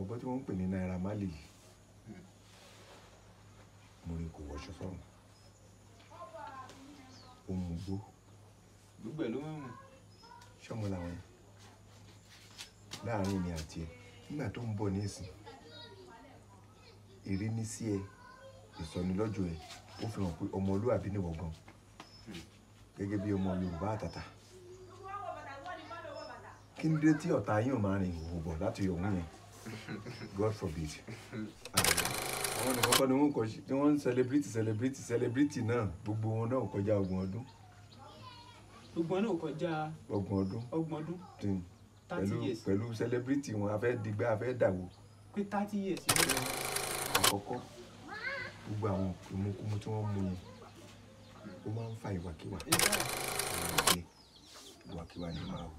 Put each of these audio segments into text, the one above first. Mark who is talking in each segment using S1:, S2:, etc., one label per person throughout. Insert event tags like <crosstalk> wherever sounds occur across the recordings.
S1: ọgbọ́n tí wọ́n ń pè ní Naira Marley yìí mo rí kò wọṣọ sọ́run ó mú gbó.
S2: gbogbo ẹ̀ ló máa ń mú.
S1: sọ́mọ làwọn láàrin èmi àti ẹ̀ nígbà tó ń bọ̀ ní ìsìn ìrínisí ẹ ìsọnilọ́jọ́ ẹ ó fi hàn pé ọmọlúwàbí nìwọ gan gẹ́gẹ́ bí ọmọ Yorùbá àtàtà kí ni dé tí ọ̀tá yín ò máa rìn ìhòòhò láti yọ̀ wọ́n yẹn. God forbid. àwọn nìkọ́kọ́ ni wọ́n kọ́ tí wọ́n ń celebrity celebrity celebrity náà gbogbo wọn náà kọjá ọgbọ̀n ọdún.
S2: gbogbo wọn náà kọjá ọgbọ̀n ọdún. ọgbọ̀n ọdún. pẹ̀lú
S1: pẹ̀lú celebrity wọn a fẹ́ digbá a fẹ́ dàwó.
S2: pé thirty years ló lọ.
S1: àkọ́kọ́ gbogbo àwọn ìmúkúmu tí wọ́n mú yẹn ó máa ń fa ìwàkiwà. ìwàkiwà ni màá wò.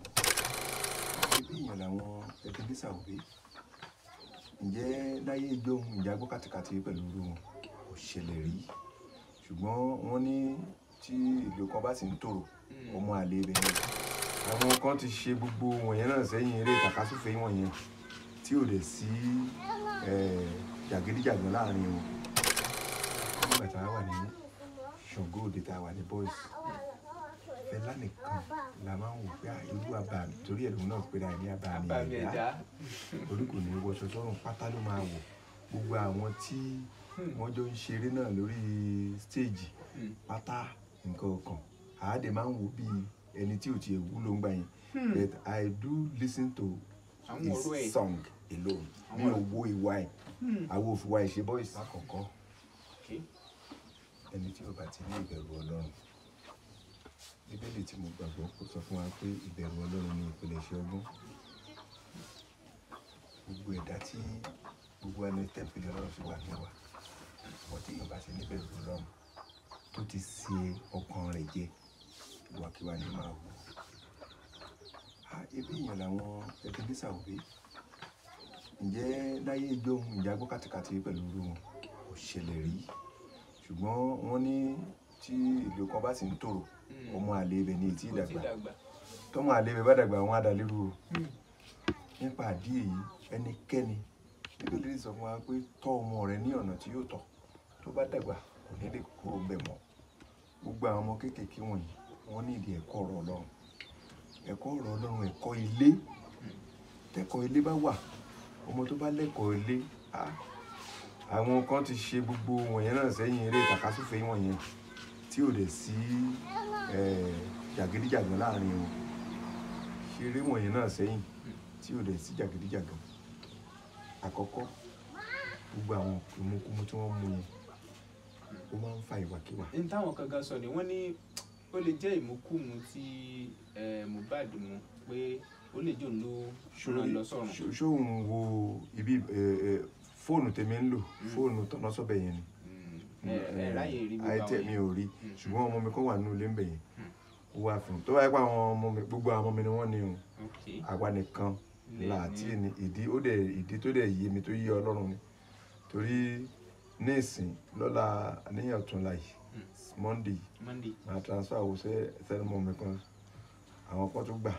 S1: ìbí ìyàn làwọn ẹgbẹ́ nísàwọ̀ bíi ǹjẹ́ láyé ìjọun ìjà gbọ́ kàtìkàtì pẹ̀lú wọn kò ṣẹlẹ̀ rí ṣùgbọ́n wọ́n ní tí ìlú kan bá sì ń tòrò hmm. ọmọ àlè ibẹ̀ yẹn àwọn kan ti ṣe gbogbo wọ̀nyẹn náà sẹ́yìn eré ìtàkásùfẹ́ wọ̀nyẹn tí ò dẹ̀ sí jàgídíjàgbọ́n láàrin wọn nígbà tá a wà ní Ṣàngó Òde tá a wà ní boys Fẹlá nìkan la máa ń wò pé irú abàmì torí ẹ̀rù náà pé dáa ní abàmì ẹ̀dá orí ní wọṣọ sọ́run pátá ló máa wò gbogbo àwọn tí hmm. wọ́n jọ ń ṣeré náà lórí stéèjì hmm. pátá nǹkan ọkàn àádé máa ń wò bí ẹni tí ò ti ewu ló ń gbà yẹn hmm. but I do listen to his song alone mi ò wo ìwà ẹ̀ àwọn òfìwà ìṣe bọ́ ìsàkọ̀kọ́ ẹni tí ò bá ti ní ìbẹ̀rù Ọlọ́run bíbélì tí mo gbàgbọ́ kó sọ fún wa pé ìbẹ̀rù ọlọ́run ni ìpilẹ̀ṣẹ̀ ọgbọ́n gbogbo ẹ̀dá tí gbogbo ẹni tẹ̀mpìlì ọlọ́run fi wà ní wa wọ́n ti yàn bá ṣe níbẹ̀rù ọlọ́run tó ti ṣe ọkàn rẹ̀ jẹ ìwàkiwà ni máa wù ibi èèyàn làwọn ẹbí ní sàwùbí ǹjẹ́ láyé ijó ohun ìjà gbọ́ kàtìkàtì pẹ̀lú irú wọn kò ṣẹlẹ̀ rí ṣùgbọ́n wọ́n ní tí ìlú kan bá sì ń tòrò hmm. ọmọ àlè ibẹ̀ ni ètí ìdàgbà tọmọ àlè bá dàgbà àwọn adàlérú o nípa àdí èyí ẹnikẹ́ni nítorí sọ fún wa pé tọ́ ọmọ rẹ ní ọ̀nà tí yóò tọ́ tó bá dàgbà kò ní lè kúrò bẹ̀ mọ́ gbogbo àwọn ọmọ kéékèèké wọ̀nyí wọ́n ní ìdí ẹ̀kọ́ ọ̀rọ̀ ọlọ́run ẹ̀kọ́ ọ̀rọ̀ ọlọ́run ẹ̀kọ́ ilé tẹ́kọ̀ ilé bá wà ọmọ tó bá lẹ́kọ̀ọ́ ilé àwọn kan ti ṣe gbogbo wọ̀nyẹn náà sẹ́yìn eré ìtàkásùfẹ́ wọ̀nyẹn tí ò dẹ̀ sí jàgídíjàgan láàrin wọn ṣeré wọ̀nyí náà sẹ́yìn tí ò dẹ̀ sí jàgídíjàgan àkọ́kọ́ gbogbo àwọn ìmúkúmú tí wọ́n mú yẹn ó máa ń fa ìwàkiwà.
S2: n táwọn kan gan sọ ni wọ́n ní ó lè jẹ́ ìmúkúmu tí Mohbad mu pé ó lè jò ló ràn lọ sọ̀rọ̀.
S1: ṣóun wo ibi fóònù tèmi ń lò hmm. fóònù tọ́nà sọ́bẹ̀ yẹn ni Mm, mm. àìtẹ́ mi ò rí mm. ṣùgbọ́n ọmọ mi kọ́ wà nínú ilé ń bẹ̀ yẹn ó wà fún un tó bá yẹ pé àwọn ọmọ mi gbogbo àwọn ọmọ mi ni wọ́n ní o àwa nìkan là àti ìdí ó dẹ̀ ìdí tó dẹ̀ yé mi tó yé ọlọ́run ni torí ní ìsìn lọ́la níyàn ọ̀túnla yìí monday máa transfer owó sẹ́ni mọ́ mi kan àwọn kan tó gbà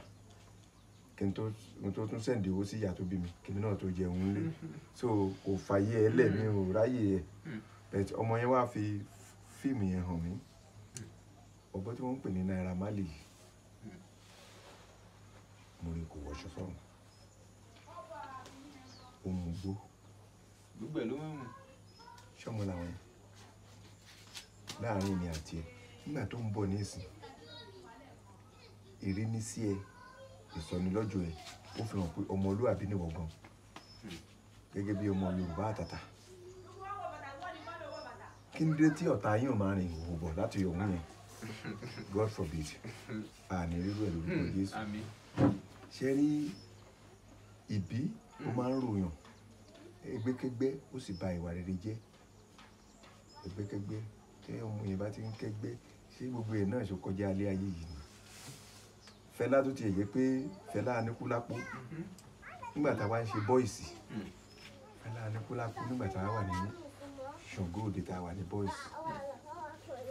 S1: kí n tó tún sẹ́ǹdì owó sí ìyá tó bí mi kí mi náà tó jẹun lé so kò fàyè ẹlẹ́mi ò ráyè ẹ̀ but ọmọ yẹn wá fi fíìmù yẹn hàn mí ọgbọ́n tí wọ́n ń pè ní Naira Marley mo rí kò wọṣọ sọ̀rọ̀ ó mú gbó.
S2: gbogbo ẹ̀ ló máa ń mú.
S1: sọ́mọ làwọn yẹn láàrin mi àti ẹ nígbà tó ń bọ̀ ní ìsìn ìrínisí ẹ ìsọnilọ́jọ̀ ẹ ó fi hàn pé ọmọlúwàbí nìwọ gan gẹ́gẹ́ bí ọmọ Yorùbá àtàtà kí ni dé tí ọ̀tá yín ò máa rìn ìhòòhò bọ̀ láti òun yẹn god forbid àní rírú ẹ̀ lórúkọ hmm, jésù ṣe rí ìbí ó hmm. máa ń ròyàn ẹgbẹ́kẹ́gbẹ́ ó sì bà ìwà rere jẹ́ ẹgbẹ́kẹ́gbẹ́ tẹ́ ọmọ yẹn bá ti ń kẹ́gbẹ́ ṣé gbogbo ẹ̀ náà ṣe kọjá alẹ́ ayé yìí ni fẹlá tó ti yẹ pé fẹlá aníkúlápó hmm. nígbà táwa ń ṣe bọ́ìsì fẹlá aníkúlápó nígbà táwa wà nínú Ṣàngó Òde tá a wà ní boys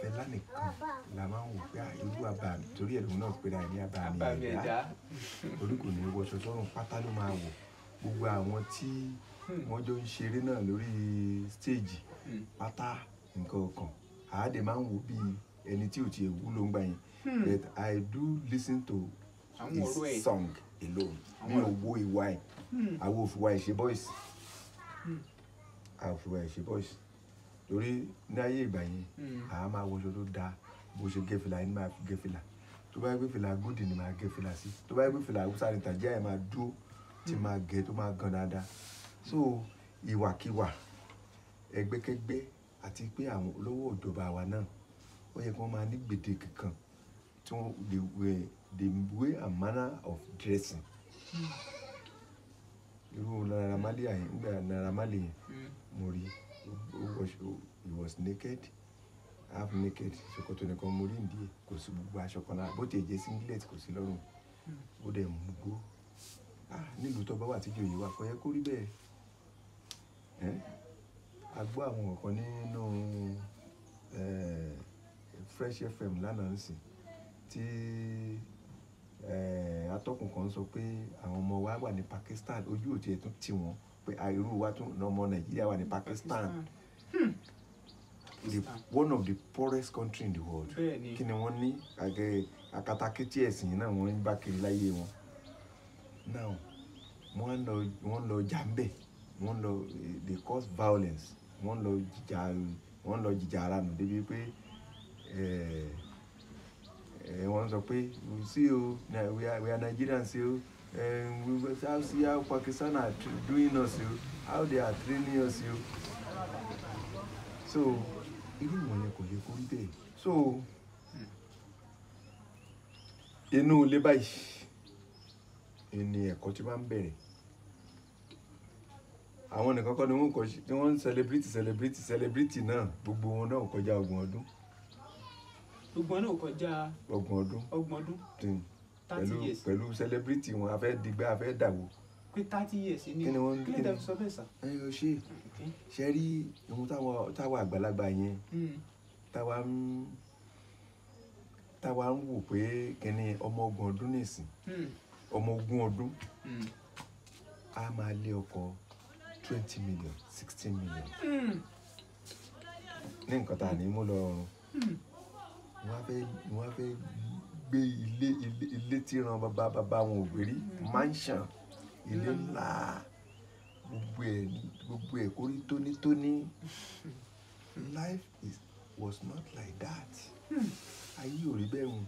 S1: Fẹlá nìkan la máa ń wò pé irú àbàmì torí ẹ̀rù náà pé láì ní àbàmì ẹ̀dá orí kò ní wọṣọ sọ́run pátá ló máa wò gbogbo àwọn tí hmm. wọ́n jọ ń ṣeré náà lórí stéèjì hmm. pátá nǹkan ọkàn àádẹ máa ń wò bíi ẹni tí ò tiẹ̀ wúlò ń gbà yẹn hmm. but I do listen to
S2: his song
S1: alone mi ò wo ìwà ẹ̀ àwọn òfìwà ẹ̀ ṣe boys àwọn òfìwà ẹ̀ ṣe boys torí ní ayé ìgbà yẹn àá hmm. máa wọṣọ tó dáa bó ṣe gé fìlà ẹni máa gé fìlà tó bá gbé fìlà gúdì ni máa gé fìlà sí tó bá gbé fìlà haúsá ni tàjẹ́ ẹ̀ máa dúró tí máa gẹ tó máa gan dáadáa so ìwàkiwà ẹgbẹ́kẹ́gbẹ́ àti pé àwọn olówó ìjọba wa náà ó yẹ kí wọ́n máa ní gbèdéke kan tí wọ́n the way the way and manner of dressing hmm. irú Naira Marley yẹn nígbà Naira yẹn hmm. mo rí i he was naked half naked ṣòkòtò nìkan mo rí ìdí ẹ̀ kò sí gbogbo aṣọ kan lára bó ti jẹ́ singlet kò sí lọ́rùn ó dẹ̀ mú gbó ah, nílùú tó bá wà tíjú òye wà kò yẹ kó rí bẹ́ẹ̀ a gbọ́ àwọn kan nínú Fresh FM lánàá ń sìn tí. Eh, atọ́kùn kan sọ pé àwọn ọmọ wa wà ní Pakistan ojú ò tiẹ̀ tún wọ́n pé irú wa tún ọmọ Nàìjíríà wà ní Pakistan. one of the poorest country in the world kí ni wọ́n ní akatakítí ẹ̀sìn náà wọ́n ń bá kiri láyé wọn now wọ́n lọ wọ́n lọ jàǹbẹ̀ wọ́n lọ they cause violence wọ́n lọ jìjà wọ́n lọ jìjà ara nù débi pé. Eh, Eh, wọ́n sọ pé see o we are, we are Nigerians o um, eh, we how see how Pakistan are doing us o how they are training us o so irú ìwọ̀n yẹn kò yẹ kó rí so inú ilé báyìí ni ẹ̀kọ́ tí máa ń bẹ̀rẹ̀ àwọn nìkan kọ́ ni wọ́n ń celebrate celebrate celebrate náà gbogbo wọn náà kọjá ogún ọdún
S2: ogun náà kọjá ọgbọ̀n ọdún ọgbọ̀n ọdún
S1: pẹ̀lú pẹ̀lú celebrity wọn a fẹ́ dìgbà a fẹ́ dàwó. pé thirty years ni kíni wọ́n kíni tẹ́ fi sọ bẹ́ẹ̀ sà. ẹ ẹ ṣe ṣe rí ohun táwa àgbàlagbà yẹn hmm. táwa ń táwa ń wò pé kíni ọmọ ọgbọ̀n ọdún nìsín hmm. ọmọ ogún ọdún hmm. a máa lé ọkọ twenty million sixteen million ní nǹkan tá a ní mú lọ rọrùn wọ́n á fẹ́ wọ́n gbé ilé ilé tí ran bàbá bàbá wọn ò gbé rí hmm. mansion ilé hmm. ńlá gbogbo ẹ̀ gbogbo ẹ̀ kórí tónítóní hmm. life is was not like that ayé ò rí bẹ́ẹ̀ hùn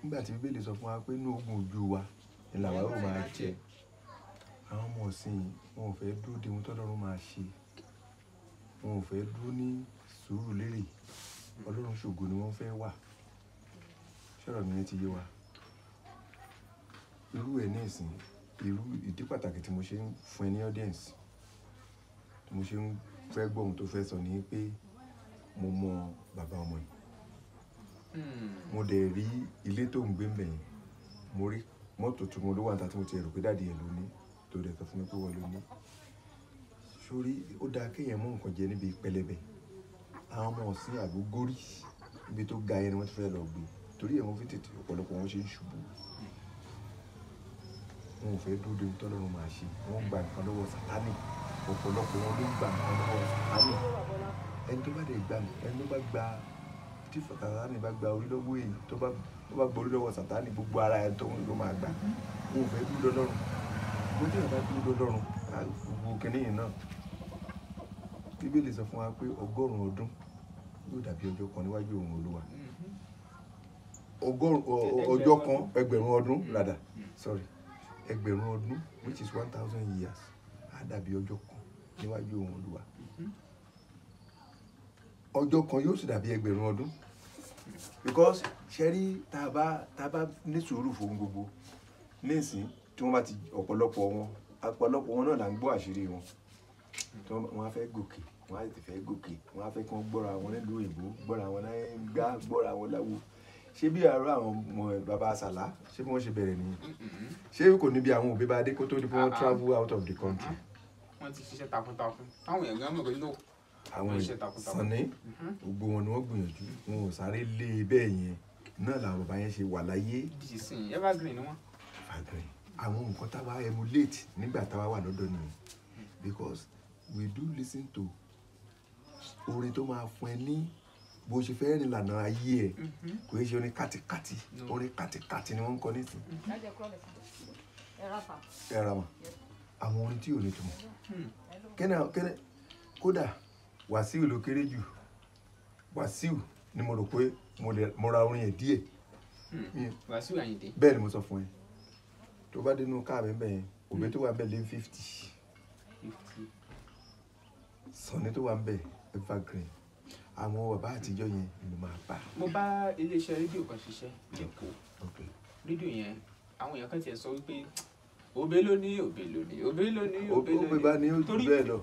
S1: nígbà tí bíbélì sọ fún wa pé inú ogun ojú wa ni làwa yóò máa jẹ àwọn ọmọ ọ̀sìn wọn ò fẹ́ dúró de ohun tọ́lọ́run máa ṣe wọn ò fẹ́ dúró ní sùúrù lérè ọlọ́run ṣògo ni wọ́n fẹ́ wà ṣọ́rọ̀ mi ti yé wa irú ẹ̀ náà sìn irú ìdí pàtàkì tí mo ṣe ń fún ẹ ní audience tí mo ṣe ń fẹ́ gbọ́ ohun tó fẹ́ sọ ni pé mo mọ bàbá ọmọ yìí hmm. mo dẹ̀ rí ilé tó ń gbé ń bẹ̀ mo rí mọ́tò tí mo ló wà níta tí mo ti rò pé dáàdi ẹ̀ ló ní tó dẹ̀ sọ fún mi pé wọ́n ló ní sórí ó dáa kéèyàn mú nǹkan jẹ níbi pẹlẹbẹ àwọn ọmọ ọ̀sìn àgógórí ibi tó ga yẹn ni wọ́n ti fẹ́ lọ gbé torí ẹ̀ wọ́n fi tètè ọ̀pọ̀lọpọ̀ wọn ṣe ń ṣubú wọn ò fẹ́ dúró de ohun tọ́lọ́run máa ṣe wọ́n gba nǹkan lọ́wọ́ sátánì ọ̀pọ̀lọpọ̀ wọn ló ń gba nǹkan lọ́wọ́ sátánì ẹni tó bá dẹ̀ gbà ẹni tó bá gba tí sátánì bá gba orí lọ́wọ́ èyí tó bá gborí lọ́wọ́ sátánì gbogbo ara ẹ̀ tó ń lọ máa gbà wọn ò fẹ́ dúró lọ́rùn gbogbo ìyá bá dúró lọ́rùn gbogbo kìnìyàn náà bíbélì sọ fún wa pé ọgọ́rùn-ún ọdún yóò dàbí ọjọ́ kan níwájú òun olúwa mm-hmm. ọjọ́ kan ẹgbẹ̀rún ọdún mm-hmm. rada sorry ẹgbẹ̀rún ọdún which is one thousand years á dàbí ọjọ́ kan níwájú òun olúwa mm-hmm. ọjọ́ kan yóò sì dàbí ẹgbẹ̀rún ọdún because ṣẹ́rí tá a bá tá a bá ní sùúrù fún gbogbo nísìn tí wọ́n bá ti ọ̀pọ̀lọpọ̀ wọn ọ̀pọ̀lọpọ̀ wọn náà là ń gbọ́ àṣírí wọn tí wọ́n á fẹ́ gòkè wọ́n ti fẹ́ gòkè wọ́n á kí wọ́n gbọ́ra wọn nílùú òyìnbó gbọ́ra wọn náà ń gbá gbọ́ra wọn láwo ṣé bí àárọ̀ àwọn ọmọ bàbá sàlá ṣé bí wọ́n ṣe bẹ̀rẹ̀ nìyẹn ṣé kò ní àwọn òbí bá dé kó tó di pé wọ́n ah, ah. travel out of the country. Ah,
S2: wọ́n ti ṣiṣẹ́ takuntakun táwọn èèyàn mọ̀ pé ló
S1: àwọn sànni mm-hmm. gbogbo wọn ni wọ́n gbìyànjú wọn ò sáré lé e bẹ́ẹ̀ yẹn náà làwọn bàbá yẹn ṣe wà láyé. àwọn nǹkan táwa emulate nígbà táwa wà lọ́dọ̀ nìyẹn mm. because we do listen to orin tó máa fún ẹ ní bó ṣe fẹ́ rìn lànà ayé ẹ mm-hmm. kò ṣe orin kátikàti orin kátikàti ni wọ́n ń kọ nísìn.
S2: Mm-hmm.
S1: ẹ ra ma àwọn orin tí ò ní túmọ̀ hmm. kódà Wàsíù ló kéré jù Wàsíù ni mo rò pé mo ra orin ẹ̀ díẹ̀. Hmm.
S2: Wàsíù Àyìndé. bẹ́ẹ̀ ni mo
S1: sọ fún ẹ tó bá dénú káà mi bẹ́ẹ̀ òbí hmm. tó wà bẹ́ẹ̀ lé fifty sọ̀ni tó wà bẹ́ẹ̀ evergreen àwọn bàbá àtijọ́ yẹn ni mo máa bá.
S2: mo bá iléeṣẹ́ rédíò kan ṣiṣẹ́
S1: lẹ́kọ̀ọ́
S2: rédíò yẹn àwọn èèyàn kan tiẹ̀ sọ wípé òbé ló ní òbé ló ní òbé ló
S1: ní òbé ló ní òbé bá ní ó jù bẹ́ẹ̀ lọ.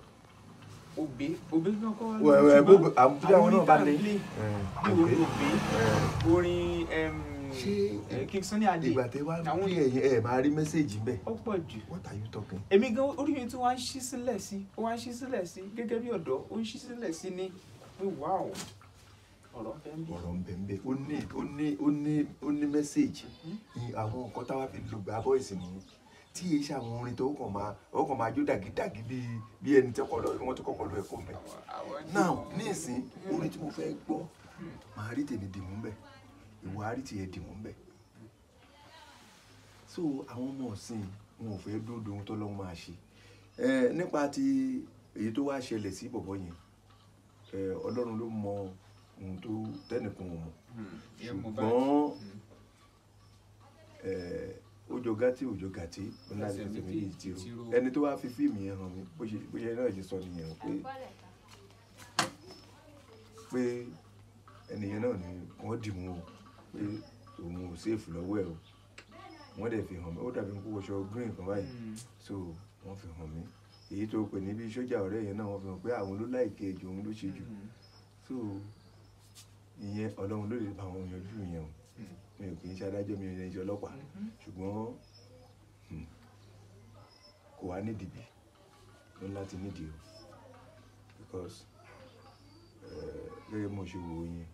S1: òbé òbé náà kọ́ wá lóṣù náà àwọn oníkàlẹ́ eh, òbé eh. orin ṣé ìgbà tẹ wá rí ẹyìn ẹ máa rí mẹ́sẹ̀gì bẹ́ẹ̀. ó pọ̀ jù what are you talking. èmi gan
S2: orí mi tí wọ́n á ṣí sílẹ̀ sí wọ́n á ṣí sílẹ̀ sí gẹ́gẹ́ bí ọ̀dọ́ ó ń ṣí sílẹ̀ sí ní pé
S1: wáò ọ̀rọ̀ bẹ́ẹ̀ ó ní ó ní ó ní ó ní mẹ́sẹ̀gì mm-hmm. àwọn nǹkan táwa fi lùgbà bọ́ìsì nìyẹn tí yìí ṣe orin tó kàn máa ó kàn máa jó dàgídàgí bíi bí ẹni tí wọ́n ti kọ́kọ́ lọ ẹ̀kọ́ mẹ́. now nísìnyí orin tí mo fẹ́ gbọ́ hmm. màá rí tèmi dì bẹ́ẹ̀ ìwà àrí tiẹ̀ dì wọ́n bẹ́ẹ̀ so àwọn ọmọ ọ̀sìn wọn ò fẹ́ dúró de ohun tó lọ́wọ́ máa ṣe nípa ti èyí tó wá ṣẹlẹ̀ sí bọ̀bọ̀ yẹn ọlọ́run ló mọ ohun tó tẹ́nìkan wọn hmm, ṣùgbọ́n hmm. ojo gati ojo gati ńlá ní ẹsẹ̀ méjì tí o ẹni tó wá fi fíìmù yẹn hàn mí bó ṣe náà ṣe sọ nìyẹn pé pé ẹnìyẹn náà ni wọ́n dì mú o pé òun ò sèfù lọ́wọ́ ẹ̀ o wọ́n dẹ̀ fi hàn mí ó dàbí kó wọṣọ green kan báyìí hmm. so wọ́n fi hàn mí èyí tó pè níbi sójà ọ̀rẹ́ yẹn náà wọ́n fi hàn pé àwọn ló láìké jù òun ló ṣe jù hmm. so ìyẹn ọlọ́run ló lè bá wọn yanjú yẹn o hmm. mi ò kì í ṣe adájọ́ mi ò ṣe ọlọ́pàá ṣùgbọ́n kò wá nídìí bì ló láti nídìí o because eh, gẹ́gẹ́ bí mo ṣe wò ó yẹn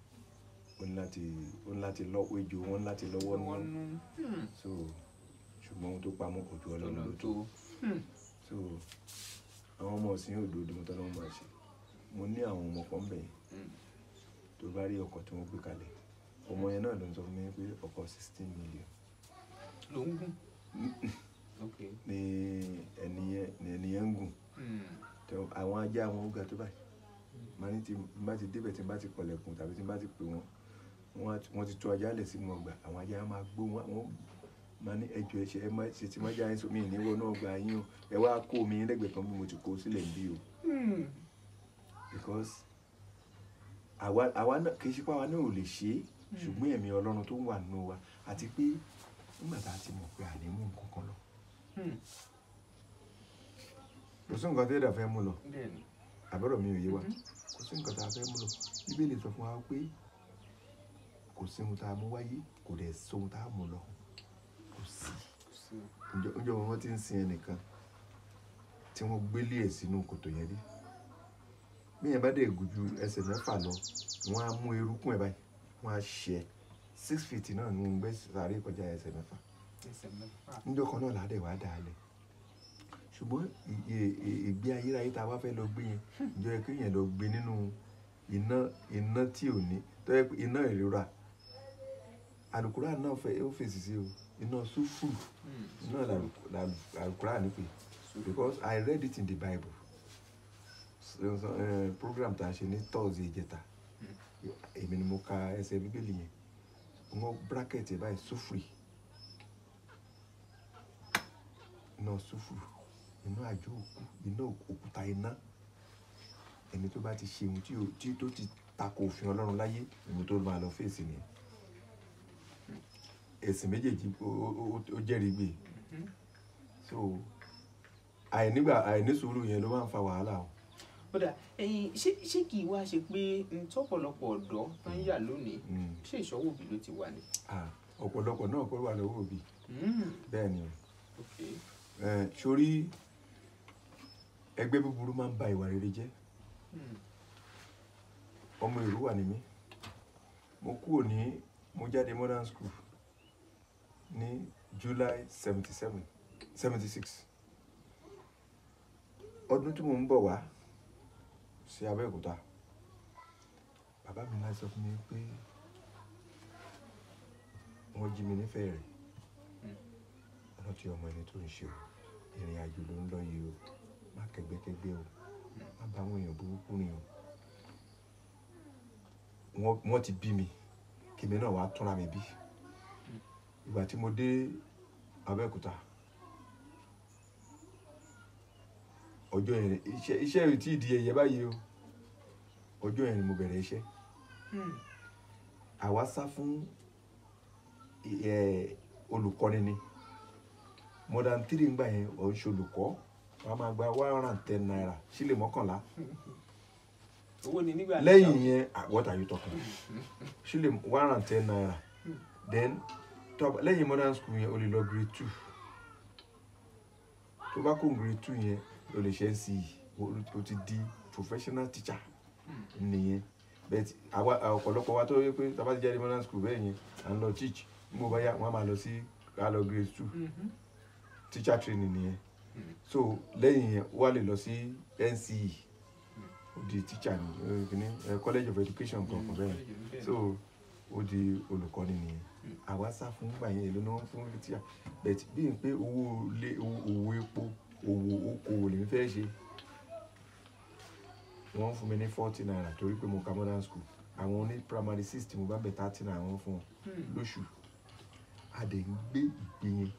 S1: ó ní láti ó ní láti lọ́wọ́ ejò wọn ní láti lọ́wọ́ nínú hmm. so ṣùgbọ́n ohun tó pamọ́ ojú ọlọ́run ló tó hmm. so àwọn ọmọ ọ̀sìn yóò dúró dúró tọ́lọ́wọ́n máa ṣe mo ní àwọn ọmọ kan bẹ̀ hmm. tó bá rí ọkọ̀ tí wọ́n gbé kalẹ̀ ọmọ yẹn náà ló ń sọ fún mi pé ọkọ̀ sixteen million. ló ń gùn. <laughs> ni ẹnìyẹn ni ẹnìyẹn ń gùn àwọn ajá wọn ó ga tó báyìí má ti débẹ̀ tí n bá ti kọlẹ̀kùn tàbí tí n bá ti pè wọ́n wọ́n ti tú ajá lẹ̀ sínú ọgbà àwọn ajá máa gbó wọn máa ní ẹjọ́ ẹ̀ṣẹ̀ ẹ má ṣe ti má já ẹ̀ṣọ́ mi ìníwọ́ náà gba yín o ẹ wá kó mi lẹ́gbẹ̀ẹ́ kan bí mo ti kó sílẹ̀ bí o. Hmm. because àwa náà kì í ṣe pé àwa náà ò lè ṣe é hmm. ṣùgbọ́n ẹ̀mí ọlọ́run tó wà nínú wa àti pé nígbà tá a ti mọ̀ pé àní mú nǹkan kan lọ. Hmm. kò sí nǹkan tó yẹ fẹ́ mú lọ àbúrò mi ò yé wa kò sí nǹkan tá a fẹ́ mú lọ bíbélì sọ fún wa pé kò sí ohun tá a mú wáyé kò dẹ̀ sí ohun tá a mú lọ kò sí ǹjọ́ wọn ti ń sin ẹnìkan tí wọ́n gbélé ẹ̀ sínú kòtò yẹn rí bí yẹn bá dẹ̀ gùjú ẹsẹ̀ mẹ́fà lọ wọ́n á mú erúkún ẹ̀ báyìí wọ́n á ṣe six feet náà ní gbé sàárè kọjá ẹsẹ̀ mẹ́fà ǹjọ́ kan náà làádẹ́ wàá dàálẹ̀ ṣùgbọ́n ìgbé ayérayé tá a bá fẹ́ lọ gbé yẹn ǹjọ́ yẹ kéèyàn lọ gbé nínú iná iná tí ò ní tó yẹ pé iná ìrora alukura náà fẹ ó fèsì sí o iná sùfù hmm. iná alukura ni pé because i read it in the bible so, uh, eh, eh, program ta a ṣe ní thursday ìjẹta hmm. èmi ni mo ka ẹsẹ bíbélì yẹn wọn bracket ẹ báyìí sùfù iná sùfù iná àjò òkú iná òkúta iná ẹni tó bá ti ṣe ohun tí tó ti tako òfin ọlọ́run láyé ìwọ tó máa lọ fèsì nìyẹn. ẹ̀sìn méjèèjì ó jẹ́rìí gbé so àìnígbà àìnísùúrù yẹn ló máa ń fa wàhálà o.
S2: kódà ẹyin ṣé kì í wá ṣe pé ntọpọlọpọ ọdọ tó ń yà lónìí mm. Mm. ṣé ìṣọwọ́ òbí ló ti wà ní.
S1: ọ̀pọ̀lọpọ̀ náà kó wà lọ́wọ́ òbí mm. bẹ́ẹ̀ ni o sórí ẹgbẹ́ búburú máa ń ba ìwà rere jẹ́ ọmọ ìlú wà ní mí mo kúrò ní mo jáde modern school Ni july seventy seven seventy six ọdún tí mò ń bọ̀ wá sí abẹ́òkúta bàbá mi láti sọ fún mi pé wọ́n jí mi nífẹ̀ẹ́ rẹ̀ ọ̀nà tí ọmọ ẹni tó ń ṣe o ìrìn àjò ló ń lọ yìí o má kẹgbẹ́kẹgbẹ́ o má bá àwọn èèyàn burúkú rìn o wọ́n ti bí mi kèmí náà wàá túnra mi bí. ìgbà tí mo dé Abẹ́òkúta ọjọ́ yẹn iṣẹ́ iṣẹ́ tí báyìí o ọjọ́ yẹn mo bẹ̀rẹ̀ iṣẹ́ hmm. àwa sá fún olùkọ́ni ni modern three gba yẹn òun ṣe olùkọ́ máa gba one hundred and ten naira sílẹ̀ mọ́kànlá
S2: <laughs> lẹ́yìn yẹn
S1: ah, what are you talking one hundred and ten naira hmm. then tọ́ lẹ́yìn modern school yẹn o lè lọ grade two tó bá kó grade two yẹn o lè ṣe nce o ti di professional teacher nìyẹn bẹ́ẹ̀ ti àwa ọ̀pọ̀lọpọ̀ wa tó yẹ pé tá bá ti jáde modern school bẹ́ẹ̀ yẹn à ń lọ teach mo bá yá wọn á máa lọ sí ká lọ grade two mm-hmm. teacher training nìyẹn mm-hmm. so lẹ́yìn yẹn wà lè lọ sí nce ó di teacher ní college of education kankan mm-hmm. bẹ́ẹ̀ so ó di olùkọ́ni nìyẹn àwa sá fún gbà yẹn èlò náà fún litre but bí n pé owó lé owó epo owó okòwò lèmi fẹ́ ṣe wọ́n fún mi ní forty naira torí pé mo ka modern school àwọn oní primary six tí mo bá bẹ̀ thirty naira wọ́n fún wọn hmm. lóṣù a dẹ̀ ń gbé ìgbìyàn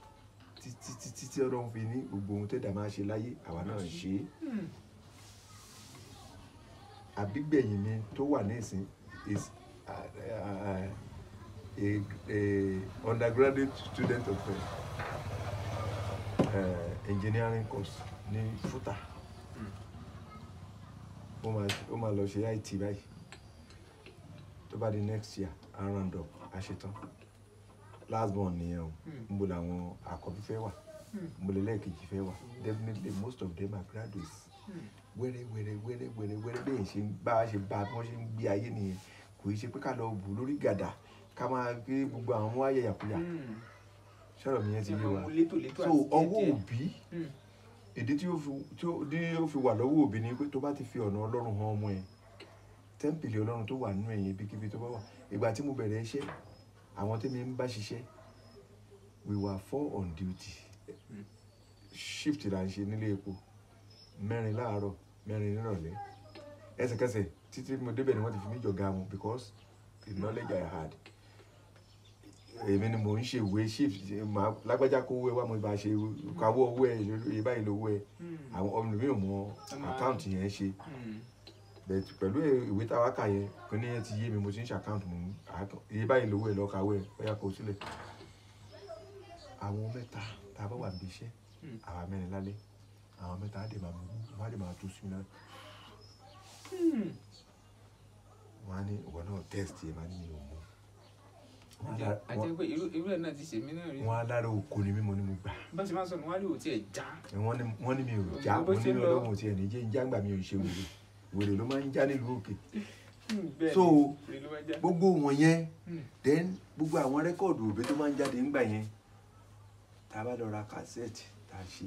S1: títí títí tí ọlọ́run fi ní gbogbo ohun tẹ́dà máa ṣe láyé àwa náà ṣe é hmm. àbígbẹ̀yìn mi tó wà ní ìsìn uh, uh, a, a undergraduate student of uh, uh engineering course ní FUTA ó máa ó máa lọ ṣe IT báyìí tó bá di next year around up a last born ni o hmm. n bolo àwọn àkọ́bí fẹ́ wà hmm. n bolo lẹ́ẹ̀kejì fẹ́ wà hmm. definitely most of them are graduates wẹ́rẹ́ wẹ́rẹ́ wẹ́rẹ́ wẹ́rẹ́ wẹ́rẹ́ bẹ́ẹ̀ ṣe bá a ṣe bá a bí wọ́n ṣe ń gbé ayé nìyẹn kò í ṣe pé ká lọ bù lórí gàdà ká máa gbé gbogbo àwọn wáyà yàkúyà sọ̀rọ̀ hmm. mi yẹn ti yé wa so ọwọ́ òbí ìdí hmm. tí ó fi wà lọ́wọ́ òbí ni pé tó bá ti fi ọ̀nà ọlọ́run hàn ọmọ ẹ̀ tẹ́ǹpìlì ọlọ́run tó wà nínú ẹ̀yìn ibikíbi tó bá wà ìgbà tí mo bẹ̀rẹ̀ iṣẹ́ àwọn tẹ́mi ń bá ṣiṣẹ́ we were four on duty hmm. shift là ń ṣe nílé epo mẹ́rin láàárọ̀ mẹ́rin nírọ̀lẹ́ ẹsẹ̀kẹsẹ̀ títí mo débẹ̀ ni wọ́n ti fi mí jọ̀gá wọn because the knowledge I had èmi ni mò ń ṣe ìwé shift màá lágbájá kó owó ẹ wá mo bá ṣe kawó owó ẹ ìyẹn báyìí lówó ẹ hmm. àwọn ọmọ mi ò mọ àkáǹtì hmm. yẹn ṣe hmm. pẹ̀lú ìwé táwa kà yẹn kò ní yẹn ti yé mi mo ti ń ṣe àkáǹtì mò ń ìyẹn báyìí lówó ẹ lọ kawó ẹ ó yá kó sílẹ̀ àwọn mẹ́ta tá a bá wà níbi iṣẹ́ àwa mẹ́rin lálẹ́ àwọn mẹ́ta á dè máa mú wọ́n á dè máa tó sí mi náà wọ́n á ní ìwọ náà test àjẹ́ náà ti ṣe mí náà rí. wọ́n á lára ni mímọ ni mo gbà.
S2: bá ṣe máa sọ ni wọ́n á lè òtí ẹ̀ já.
S1: wọ́n ní mi ò já wọ́n ní ọlọ́run òtí ẹ̀ níjẹ́ ìjà gbà mi ò ṣe wèrè wèrè ló máa ń já nílùú òkè. so gbogbo wọn yẹn hmm. then gbogbo àwọn rẹ́kọ̀dù òbí tó máa ń jáde ńgbà yẹn tá a bá lọ ra kásẹ̀tì tá a ṣe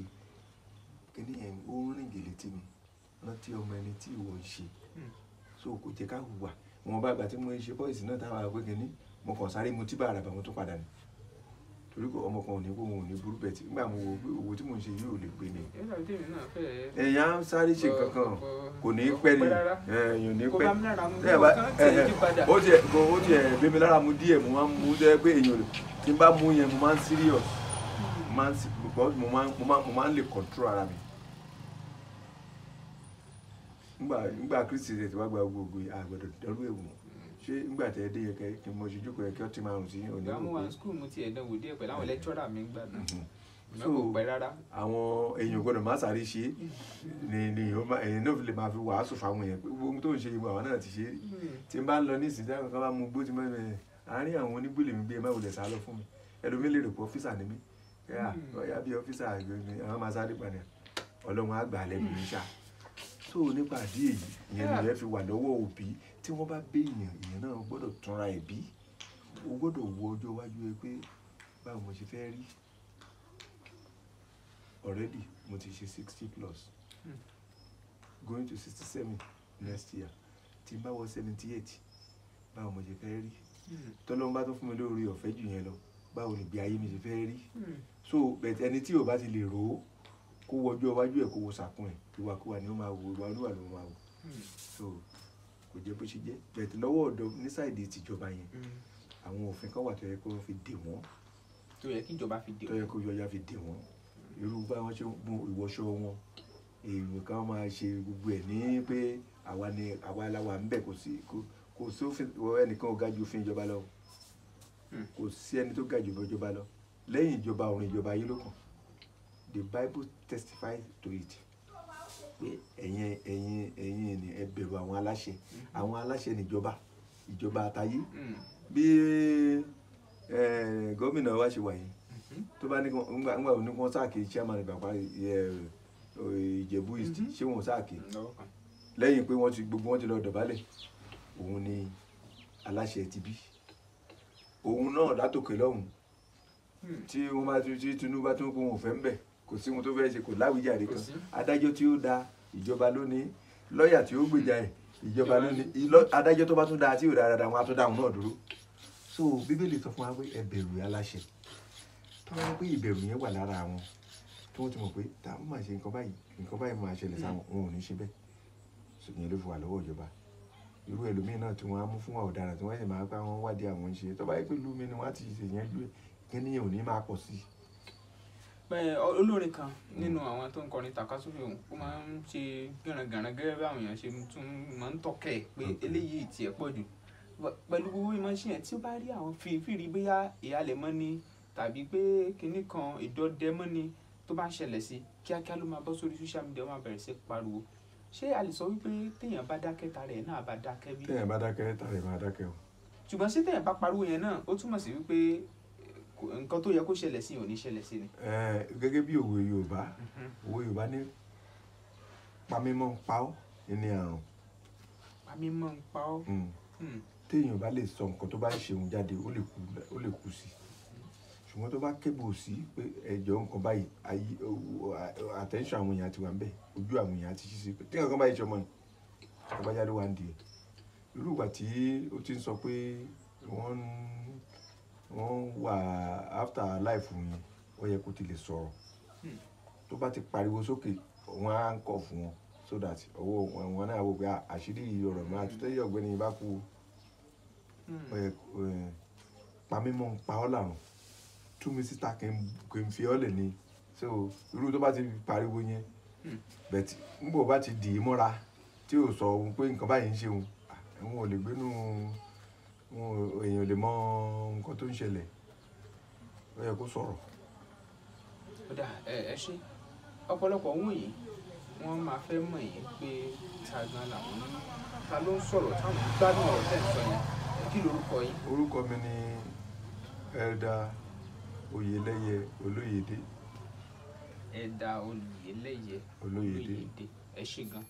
S1: kíní yẹn ó ń rìn gèlè tí mi rántí ọmọ ẹni tí ìwọ ń ṣe hmm. so kò jẹ́ ká hùwà wọn bá gbà tí mo ń ṣe bọ́ìsì náà táwa pé kíní mo kàn sáré mo tí bàrà bà mo tún padà ní torí kò ọmọ kan ò ní kó wọn ò ní burú bẹ̀tì nígbà mo wò pé owó tí mò ń ṣe yìí ò lè pè ní. ẹ̀yà ń sáré ṣe kankan kò ní pẹ́ ni ẹ̀yìn ò ní pẹ́ ó tiẹ̀ ó tiẹ̀ bẹ́ mi lára mu díẹ̀ mo máa ń mú jẹ́ pé èèyàn tí n bá mú yẹn mo máa ń serious mo máa ń lè control ara mi nígbà nígbà kristi tètè wá gba gbogbo àgbẹ̀dọ̀ dọ́rú èwù mọ́ ṣé nígbà tẹ́ dé yẹkẹ kí mo ṣe jókòó yẹkẹ ọtí márùn sí òní òkú. ìgbà
S2: school mu ti ẹ̀dán wò díẹ̀ pẹ̀lú àwọn lẹ́tírọ̀rà mi gbà náà mm-hmm.
S1: so àwọn èèyàn gbọ́dọ̀ má sáré ṣe ni ni èèyàn náà lè máa fi wàásù fáwọn èèyàn pé ohun tó ń ṣe ìwọ àwọn náà ti ṣe é mm-hmm. tí n bá lọ ní ìsìn táwọn kan bá mu gbó ti mọ́ ẹ̀ àárín àwọn onígbèlè mi gbé ẹ sá lọ fún mi ẹlòmí lè rò pé mm-hmm. so nípa àdí èyí ìyẹn nìyẹn fi tí wọ́n bá bẹ èèyàn èèyàn náà gbọ́dọ̀ túnra ẹ̀ o gbọ́dọ̀ wo ọjọ́ iwájú ẹ pé báwo mo ṣe fẹ́ rí already mo ti ṣe sixty plus hmm. going to sixty seven next year tí n bá wọ seventy eight báwo mo ṣe fẹ́ rí hmm. tọ́lọ́mú bá tó fún mi lórí ọ̀fẹ́ jù yẹn lọ báwo ni ìgbé ayé mi ṣe fẹ́ rí hmm. so bẹ̀tẹ̀ ẹni tí ò bá ti lè rò ó kó wọjọ́ iwájú ẹ̀ kó wo sàkún ẹ̀ ìwàkuwà ni ó máa wò ìwà olúwa ló máa wò so kò jẹ́ bó ṣe jẹ́ bẹ̀t lọ́wọ́ ọ̀dọ̀ ní sáìdì tìjọba yẹn mm. àwọn òfin kan wà tó yẹ kó fi dè wọ́n tó yẹ kí ìjọba fi dè wọ́n tó yẹ kó yọjá fi dè wọ́n irú bá wọn ṣe mú ìwọṣọ wọn èèyàn kan máa ṣe gbogbo ẹ̀ ní pé àwa ni àwa aláwa ń bẹ̀ kò sí kò sí ẹnìkan ò ga ju òfin ìjọba lọ hmm. kò sí ẹni tó ga ju ìjọba lọ lẹ́yìn ìjọba òrùn ìjọba yìí ló kàn the bible testifies to it pé ẹ̀yin ẹ̀yin ni ẹni ẹ bẹ̀rù àwọn aláṣẹ àwọn aláṣẹ níjọba ìjọba àtayé bí gómìnà wa ṣe wà yìí tó bá ní ngbà ngbà ní wọn sáàkì chairman ìgbàgbà ìjẹ̀bú mm-hmm. ṣé wọn sáàkì lẹ́yìn pé wọ́n ti gbogbo wọn ti lọ dọ̀bálẹ̀ òun ni aláṣẹ ti bí òun náà látòkè lọ́hùn hmm. tí wọ́n bá ti Tinubu bá tún kó wọn fẹ́ ń bẹ̀ kò sí ohun tó fẹ́ ṣe kò láwíjàre kan adájọ́ tí ó da ìjọba lónìí lọ́ọ̀yà tí ó gbèjà ẹ̀ ìjọba lónìí adájọ́ tó bá tún da tí ò da dáadáa náà dúró so bíbélì sọ fún wa pé ẹ bẹ̀rù aláṣẹ tó wá pé ìbẹ̀rù yẹn wà lára àwọn tí wọ́n ti mọ̀ pé tá a máa ṣe nǹkan báyìí nǹkan báyìí máa ṣẹlẹ̀ sáwọn mm. wọn ò ní ṣe bẹ́ẹ̀ ìyẹn ló fi wà lọ́wọ́ ìjọba irú ẹlòmíín náà tí wọ́n á mú fún ọ̀daràn tí wọ́n sì máa pa wọ́n wádìí àwọn ń tó bá yẹ pé lúmi ni wọ́n á ti ṣèyẹn lú kí níyẹn ò ní máa pọ̀ sí i
S2: olórin kan nínú àwọn tó ń kọrin takasúfè òun ó máa ń ṣe gànàgànà gẹ́gẹ́ bí àwọn èèyàn ṣe tún máa ń tọ̀kẹ́ pé eléyìí tiẹ̀ pọ̀ jù pẹ̀lú gbogbo ìmọ̀ ṣe yẹn tí ó bá rí àwọn fìrìfìrì bóyá ìhàlẹ̀ mọ́ ni tàbí pé kinní kan ìdọ́dẹ mọ́ ni tó bá ń ṣẹlẹ̀ sí kíákíá ló máa bọ́ sórí social media ó máa bẹ̀rẹ̀ sí pariwo ṣé a lè sọ wípé téèyàn bá dákẹ́ ta rẹ̀ náà bá dákẹ́ bí. téèyàn bá
S1: dákẹ́ ta rẹ̀ máa dákẹ́ o.
S2: ṣùgbọ́n ṣé téèyàn bá pariwo yẹn náà ó túmọ̀ sí wípé nǹkan tó yẹ kó ṣẹlẹ̀ sí ò ní ṣẹlẹ̀ sí ni.
S1: gẹ́gẹ́ bí òwe Yorùbá mhm. òwe Yorùbá ní pamímọ́ ń pa ọ́ ní àrùn.
S2: pamímọ́ ń pa ọ́.
S1: Hmm. Hmm. téèyàn bá lè sọ nǹkan tó bá ń ṣeun jáde ó lè kú sí ṣùgbọ́n tó bá kébù sí pé ẹ̀jọ̀ nǹkan báyìí attention àwọn èèyàn ti wà ń ojú àwọn èèyàn ti ṣí sí pé tí nǹkan báyìí ṣọmọ ni àbájáde wà ń di ẹ̀ irú ìgbà tí ó ti ń sọ pé wọ́n ń wọ́n wà after life yẹn ó yẹ kó ti lè sọ̀rọ̀ hmm. tó bá ti pariwo sókè wọ́n á ń kọ̀ fún wọn so that owó wọn náà wò pé ah, àṣírí ọ̀rọ̀ mi àtúntẹ́yẹ ọ̀gbẹ́ni bá kú hmm. pamímọ́ ń pa ọ́ làrùn tú mi síta kí n fi ọ́ lè ní so irú tó bá ti pariwo yẹn bẹ̀tì ń bò bá ti dì í mọ́ra tí ò sọ ohun pé nǹkan báyìí ń ṣe òun àwọn ah, ò lè gbénú èèyàn lè mọ nǹkan tó ń ṣẹlẹ̀ ó yẹ kó sọ̀rọ̀.
S2: kódà ẹ ṣe ọ̀pọ̀lọpọ̀ ohun yìí wọ́n máa fẹ́ mọ̀ yín pé ta gan làwọn ní ta ló ń sọ̀rọ̀ táwọn gbádùn ọ̀rọ̀ tẹ̀ ń
S1: sọ yẹn kí lorúkọ yín. orúkọ mi ni ẹ̀dà oyèlẹ́yẹ olóyèdè. ẹ̀dà oyèlẹ́yẹ olóyèdè ẹ ṣé
S2: gan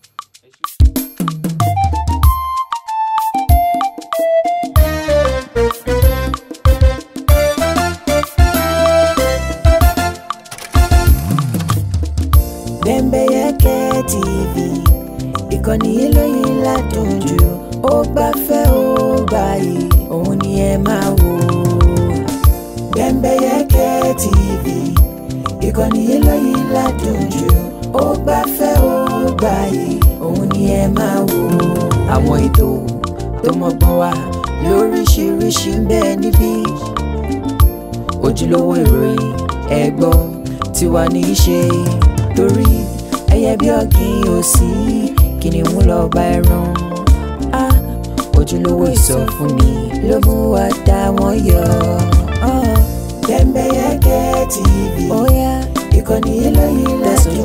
S2: ẹ ṣé.
S3: ìkànnì eléyìí ládùn jù ó gbà fẹ́ ó gbà yìí òun ni ẹ máa wò. àwọn ètò tó mọ́gbọ́n wá lóríṣiríṣi ń bẹ níbí ojúlówó ìròyìn ẹ̀gbọ́n tiwa ní í ṣe torí ẹyẹ bí ọ̀gìn òsì kìnìún lọ́ba ẹran ojúlówó ìsọfúnni ló mú wa dá wọn yọ. Oh. Bembeyeke TV ìkànnì eléyìí lẹ́dùn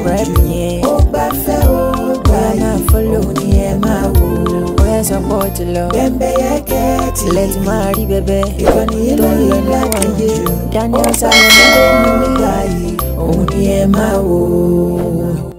S3: jù ó bá fẹ́ ó gbà yìí òun ni ẹ máa wò ó ẹ sọ pé ó ti lọ Bembeyeke TV lẹ́tì máa rí bẹ́bẹ́ ìkànnì eléyìí lẹ́dùn jù ó bá fẹ́ ó gbà yìí òun ni ẹ máa wò ó.